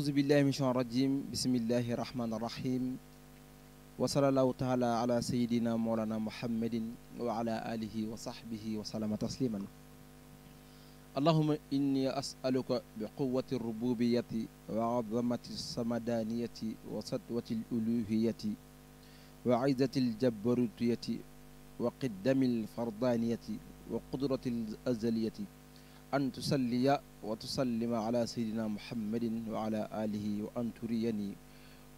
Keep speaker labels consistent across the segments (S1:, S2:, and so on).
S1: أعوذ بالله من الشيطان الرجيم بسم الله الرحمن الرحيم وصلى الله تعالى على سيدنا مولانا محمد وعلى آله وصحبه وسلم تسليما اللهم إني أسألك بقوة الربوبية وعظمة الصمدانية وسطوة الألوهية وعزة الجبروتية وقدم الفردانية وقدرة الأزلية an tusalliya wa tusallima ala sayidina muhammadin wa ala alihi wa an turiyani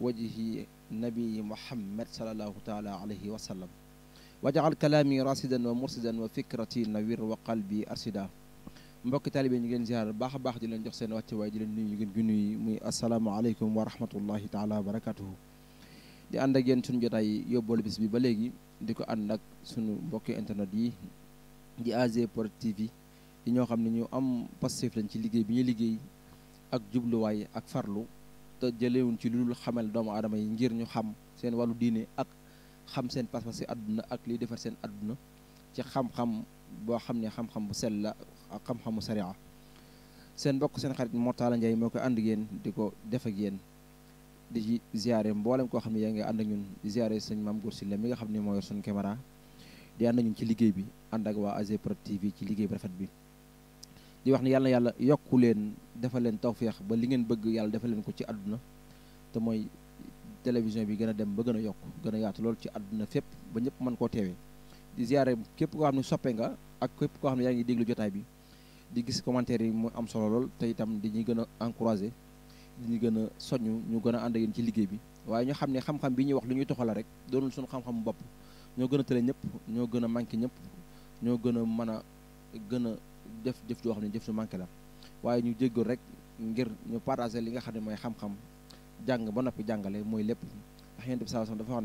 S1: wajhi nabi muhammad salallahu taala alayhi wa sallam wajaal kalaami rasidan wa mursidan wa fikrati nawir wa qalbi arsida mbokki taalibe ñu ngi leen ziar baax a baax di leen jox seen wàcce waaye di leen nuyu ñu ngeen gi nuyu muy asalaamaaleykum wa rahmatullahi taala wa barakatuhu di ànd ak yéen suñu jotaay yóbbalu bis bi ba léegi di ko ànd ak suñu mbokki internet yi di AG Prod TV di ñoo xam ne ñu am passif lañ ci liggéey bi ñuy liggéey ak jubluwaay ak farlu te jëlewuñ ci lu dul xamal doomu aadama yi ngir ñu xam seen wàllu diine ak xam seen pas-pas ci àdduna ak liy defar seen àdduna ci xam-xam boo xam ne xam-xam bu sell la ak xam-xamu sariya seen mbokk seen xarit Mortala Ndiaye moo koy ànd ak di ko def ak yéen di ci ziare mboolem koo xam ne yaa ngi ànd ak ñun di ziare sëñ Mame Gor Sylla mi nga xam ne moo yor suñu caméra di ànd ak ci liggéey bi ànd ak waa AG PROD TV ci liggéey bu bi. di wax ne yàlla yàlla yokku leen defal leen tawféex ba li ngeen bëgg yàlla defal leen ko ci àdduna te mooy télévision bi gën a dem ba gën a yokk gën a yaatu lool ci àdduna fépp ba ñëpp mën koo teewee di ziare képp koo xam ne soppe nga ak képp koo xam ne yaa ngi déglu jotaay bi di gis commentaire yi mu am solo lool te itam di ñuy gën a encouragé di ñu gën a soññ ñu gën a ànd ci liggéey bi waaye ñu xam ne xam-xam bi ñuy wax lu ñuy toxala rek doonul suñu xam-xamu bopp ñoo gën a tële ñëpp ñoo gën a manqué ñëpp ñoo gën a mën a gën a def jëf joo xam ne jëf su manqué la waaye ñu jéggul rek ngir ñu partager li nga xam ne mooy xam-xam jàng ba noppi jàngale mooy lépp ndax yonent bi saa sax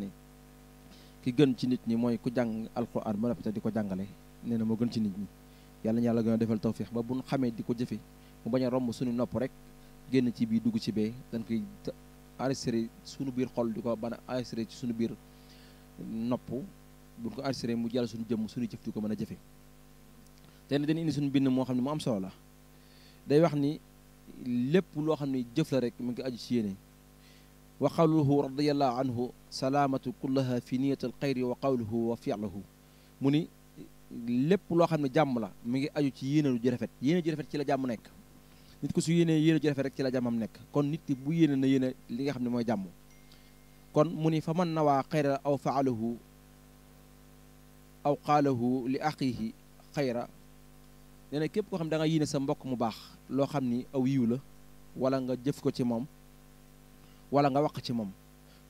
S1: gën ci nit ñi mooy ku jàng alquran ba noppi di ko jàngale nee na moo gën ci nit ñi yàlla yàlla gën a defal tawfiix ba bu xamee di ko jëfe mu bañ a romb suñu nopp rek génn ci biir dugg ci bee dañ koy enregistré suñu biir xol di ko ban a enregistré ci suñu biir nopp buñ ko enregistré mu jàll suñu jëmm suñu jëf di ko mën a jëfe tey dañu indi suñu bind moo xam ne mu am solo la day wax ni lépp loo xam ne jëf la rek mu ngi aju ci yéene wa qawluhu radiallahu anhu salaamatu kullaha fi niyati al xayri wa qawluhu wa fi'luhu mu ni lépp loo xam ne jàmm la mu ngi aju ci yéene lu ju rafet yéene ju ci la jàmm nekk nit ko su yéenee yéene ju rafet rek ci la jàmmam nekk kon nit bu yéene na yéene li nga xam ne mooy jàmm kon mu ni fa na nawaa xayra aw faalahu aw xaala li axihi xayra nee képp ko xam ne da nga sa mbokk mu baax loo xam ni aw yiw la wala nga jëf ko ci moom wala nga wax ci moom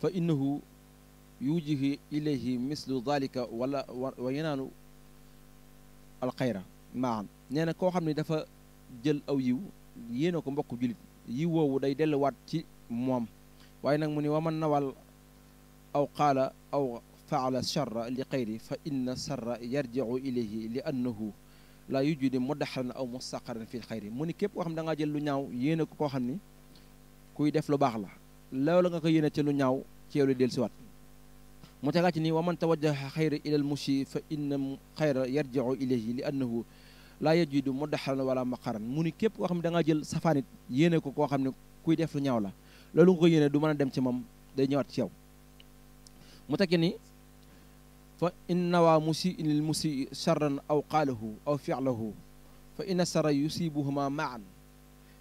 S1: fa innahu yujihi ilayhi mislu dalika wala wa yenaanu alxayra maan nee na koo xam ne dafa jël aw yiw yéene ko mbokk julit yiw woowu day delluwaat ci moom waaye nag mu ni wa man nawal aw xaala aw faala charra li xayri fa inna charra yarjicu ilayhi li annahu laa yu jude muddaxaran aw mustaqaran fil xayri mu ni képp koo xam da ngaa jël lu ñaaw yéene ko koo xam ni kuy def lu baax la loolu nga ko yéene ci lu ñaaw ci yow mu tegaat ci ni wa man tawajjaha xayra ilal mushi fa inna xayra yarjiu ilayhi li annahu laa yajidu muddaxaran wala maqaran mu ni képp koo xam ne da ngaa jël safaanit yéene ko koo xam ne kuy def ñaaw la loolu nga du mën a dem ci moom day ñëwaat ci yow fa in nawaa musiin lil musii charran aw qaalahu aw filahu fa in sara yusibuhuma maan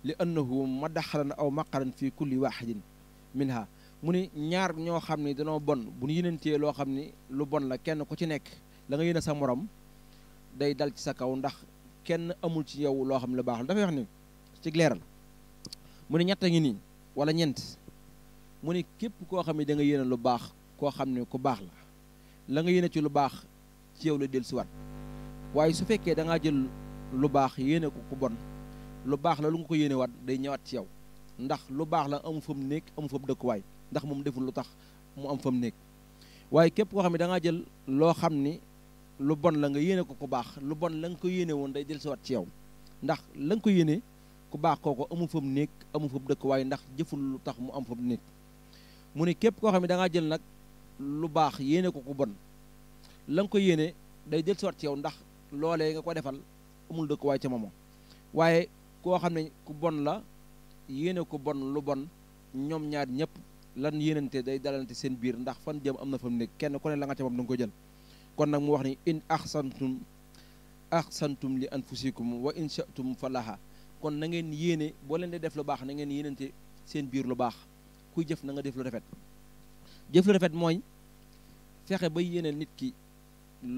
S1: li annahu madaxaran aw maqaran fi kulli waxidin minha mu ni ñaar ñoo xam ni danoo bon bu ñu yénantee loo xam ne lu bon la kenn ku ci nekk la nga yéene sa morom day dal ci sa kaw ndax kenn amul ci yow loo xam lu baax la dafay wax ni ci leeral mu ne ñett ngi nii wala ñeent mu ne képp koo xam ne danga nga lu baax koo xam ne ku baax la la nga yéene ci lu baax ci yow la dellu siwaat waaye su fekkee da ngaa jël lu baax yéene ko ku bon lu baax la lu nga ko yéene waat day ñëwaat ci yow ndax lu baax la amu fa mu nekk amu fa dëkkuwaay ndax moom deful lu tax mu am fa mu nekk waaye képp koo xam ne dangaa jël loo xam ni lu bon la nga yéene ko ku baax lu bon la nga ko yéene woon day si siwaat ci yow ndax la nga ko yéene ku baax kooku amu fa mu nekk amu fa mu dëkkuwaay ndax jëful lu tax mu am fa mu nekk mu ne képp koo xam ne da jël nag lu baax yéene ko ku bon la nga ko yéene day del siwaat ci yow ndax loole nga ko defal amul dëkkuwaay ca moomoo waaye koo xam ne ku bon la yéene ko bon lu bon ñoom ñaar ñëpp lan yéenante day dalante seen biir ndax fan jëm am na fa mu kenn ku ne la nga ca moom da nga ko jël kon nag mu wax ni in ahsantum santum li an anfusikum wa in shatum falaha kon na ngeen yéene boo leen di def lu baax na ngeen yéenante seen biir lu baax kuy jëf na nga def lu rafet jëf lu rafet mooy fexe ba yéene nit ki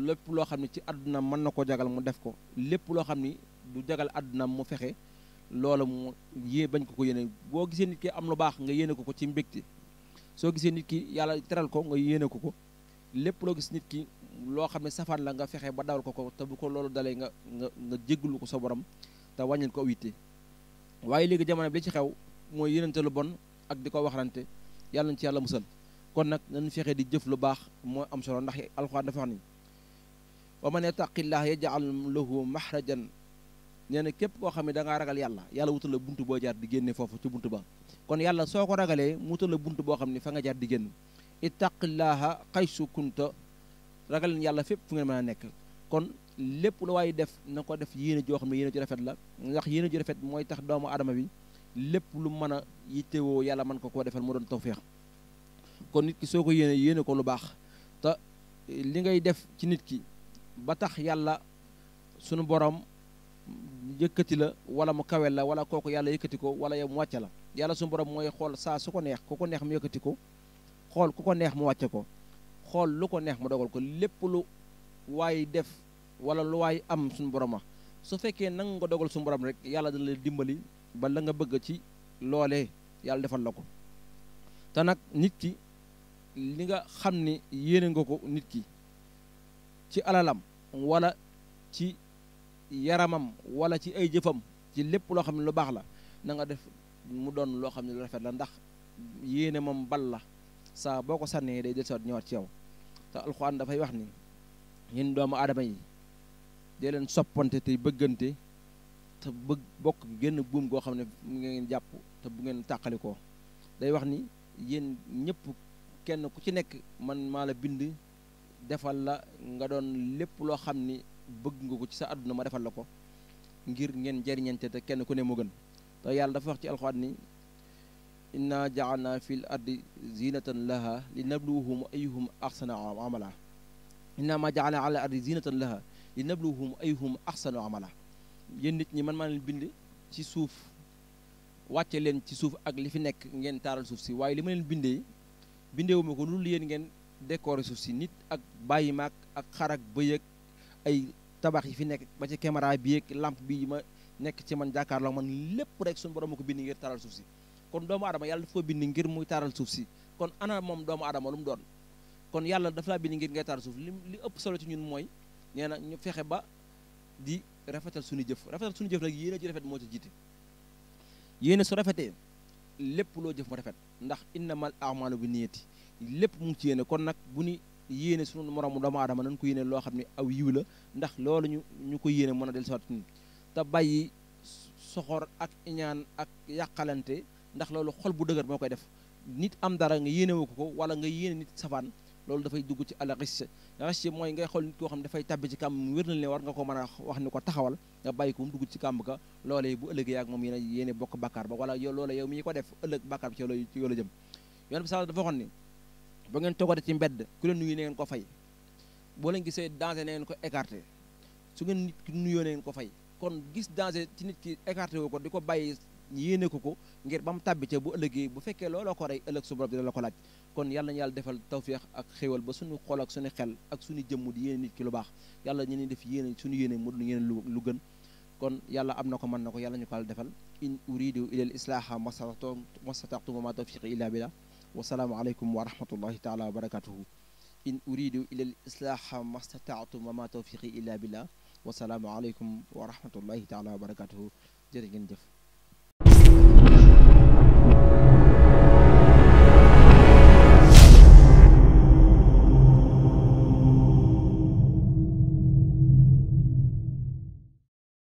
S1: lépp loo xam ne ci àdduna mën na ko jagal mu def ko lépp loo xam ni du jagal àdduna mu fexe loola mu yée bañ ko ko yéene boo gisee nit ki am lu baax nga yéene ko ko ci mbégte soo gisee nit ki yàlla teral ko nga yéene ko ko lépp loo gis nit ki loo xam ne safaan la nga fexe ba dawal ko ko te bu ko loolu dalee nga nga nga jéggalu ko sa borom te wàññil ko witte waaye léegi jamono bi ci xew mooy yéenante lu bon ak di ko waxlante yàlla na ci yàlla musal kon nag nañ fexe di jëf lu baax moo am solo ndax alxuraan dafa wax ni wa man yattaqillah yaj'al lahu mahrajan nee na képp koo xam ne da ngaa ragal yàlla yàlla wutal la bunt boo jaar di génne foofu ci bunt ba kon yàlla soo ko ragalee mu la bunt boo xam ne fa nga jaar di génn ittaqillaha xaysu kunta ragal yàlla fépp fu ngeen mën a nekk kon lépp lu waaye def na ko def yéene joo xam ne yéene ju rafet la ndax yéene ju rafet mooy tax doomu adama bi lépp lu mën a yittewoo yàlla man ko koo defal moo doon tawféex kon nit ki soo ko yéene yéene ko lu baax te li ngay def ci nit ki ba tax yàlla sunu boroom yëkkati la wala mu kawel la wala kooku yàlla yëkkati ko wala yow mu wàcce la yàlla sunu borom mooy xool saa su ko neex ku ko neex mu yëkkati ko xool ku ko neex mu wàcce ko xool lu ko neex mu dogal ko lépp lu waaye def wala lu waay am suñu boroma su fekkee nanga nga dogal sunu borom rek yàlla dana la dimbali ba la nga bëgg ci loolee yàlla defal la ko li nga xam ne yéene nga ko nit ki ci alalam wala ci yaramam wala ci ay jëfam ci lépp loo xam ne lu baax la na nga def mu doon loo xam ne lu rafet la ndax yéene moom bal la saa boo ko sànnee day dellusiwaat ñëwaat ci yow te alxuraan dafay wax ni yéen doomu aadama yi dee leen soppante tey bëggante te bëgg bokk génn buum goo xam ne mu ngeen jàpp te bu ngeen tàqalikoo day wax ni yéen ñëpp kenn ku ci nekk man maa la bind defal la nga doon lépp loo xam ni bëgg nga ko ci sa àdduna ma defal la ko ngir ngeen jariñante te kenn ku ne moo gën te yàlla dafa wax ci alxuraan ni inna jaalna fil ardi zinatan laha li nabluwuhum ayuhum ma jaalna ala ardi zinatan laha li nabluwuhum ayuhum axsana nit ñi man maa leen bind ci suuf wàcce leen ci suuf ak li fi nekk ngeen taaral suuf si waaye li ma leen bindee bindeewuma ko lu yéen ngeen décorer suuf si nit ak bàyyi maag ak xarak bëyëg ay tabax yi fi nekk ba ci caméra bi yeeg lampe bi ma nekk ci man jàkkaarloo man lépp rek suñu borom ma ko bind ngir taral suuf si kon doomu aadama yàlla dafa bind ngir muy taral suuf si kon ana moom doomu aadama lu doon kon yàlla dafa laa bind ngir ngay taral suuf li li ëpp solo ci ñun mooy nee na ñu fexe ba di rafetal suñu jëf rafetal suñu jëf nag yéene ci rafet moo ci jiite yéene su rafetee lépp loo jëf mu rafet ndax innamal a'malu bi niyyati lépp mu ci yéene kon nag bu ni yéene sunu moromu doomu aadama nañ ko yéene loo xam ne aw yiw la ndax loolu ñu ñu ko yéene mën a dell dellusiwaat te bàyyi soxor ak iñaan ak yàqalante ndax loolu xol bu dëgër moo koy def nit am dara nga yéenewu ko ko wala nga yéene nit safaan loolu dafay dugg ci al riche riche mooy ngay xool nit koo xam ne dafay tàbbi ci kàmb mu wér nañ ne war nga ko man a wax ni ko taxawal nga bàyyi ko mu dugg ci kàmb ka loolee bu ëllëgee yaag moom yéen yéene bokk bàkkaar ba wala yow loola yow ko def ëllëg bàkkaar bi ci loolu ci yoolu jëm yoon bi sax dafa waxoon ni ba ngeen ci mbedd ku leen nuyu ne ngeen ko fay boo leen gisee danger ne ngeen ko écarté su ngeen nit nuyoo ne ngeen ko fay kon gis danger ci nit ki écarté ko di ko bàyyi yéene ko ko ngir ba mu tàbbi ca bu ëllëgee bu fekkee looloo ko rey ëllëg su borom la ko laaj kon yàlla ñu yàlla defal tawféex ak xéwal ba suñu xol ak suñu xel ak suñu jëmm di yéene nit kilo baax yàlla ñu def yéene suñu yéene mu dul yéene lu gën kon yàlla am na ko mën na ko yàlla ñu ko yàlla defal in uridu ilal islaaha mastata'tu wa ma tawfiqi illa billah wa salaamu aleykum wa rahmatullahi taala wa barakatuhu in uridu ilal islaaha mastata'tu wa ma tawfiqi illa billah wa salaamu aleykum wa rahmatullahi taala wa barakatuhu jërë ngeen jëf